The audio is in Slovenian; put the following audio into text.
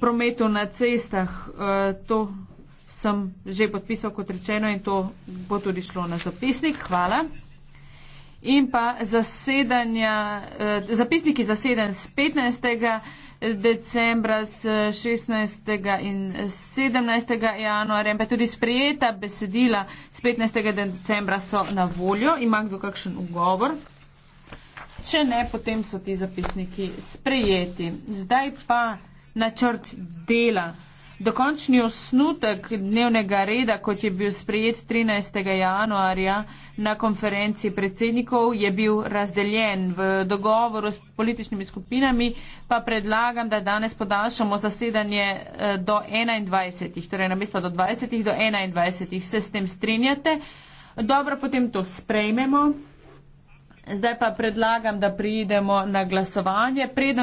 prometu na cestah. Eh, to sem že podpisal, kot rečeno, in to bo tudi šlo na zapisnik. Hvala. In pa eh, zapisniki zaseden z 15. decembra, z 16. in 17. januarja, pa tudi sprijeta besedila z 15. decembra so na voljo. Ima kdo kakšen ugovor? Če ne, potem so ti zapisniki sprejeti. Zdaj pa načrt dela. Dokončni osnutek dnevnega reda, kot je bil sprejet 13. januarja na konferenci predsednikov, je bil razdeljen v dogovoru s političnimi skupinami, pa predlagam, da danes podaljšamo zasedanje eh, do 21. torej namesto do 20. do 21. se s tem strinjate. Dobro, potem to sprejmemo. Zdaj pa predlagam, da prijedemo na glasovanje. Predem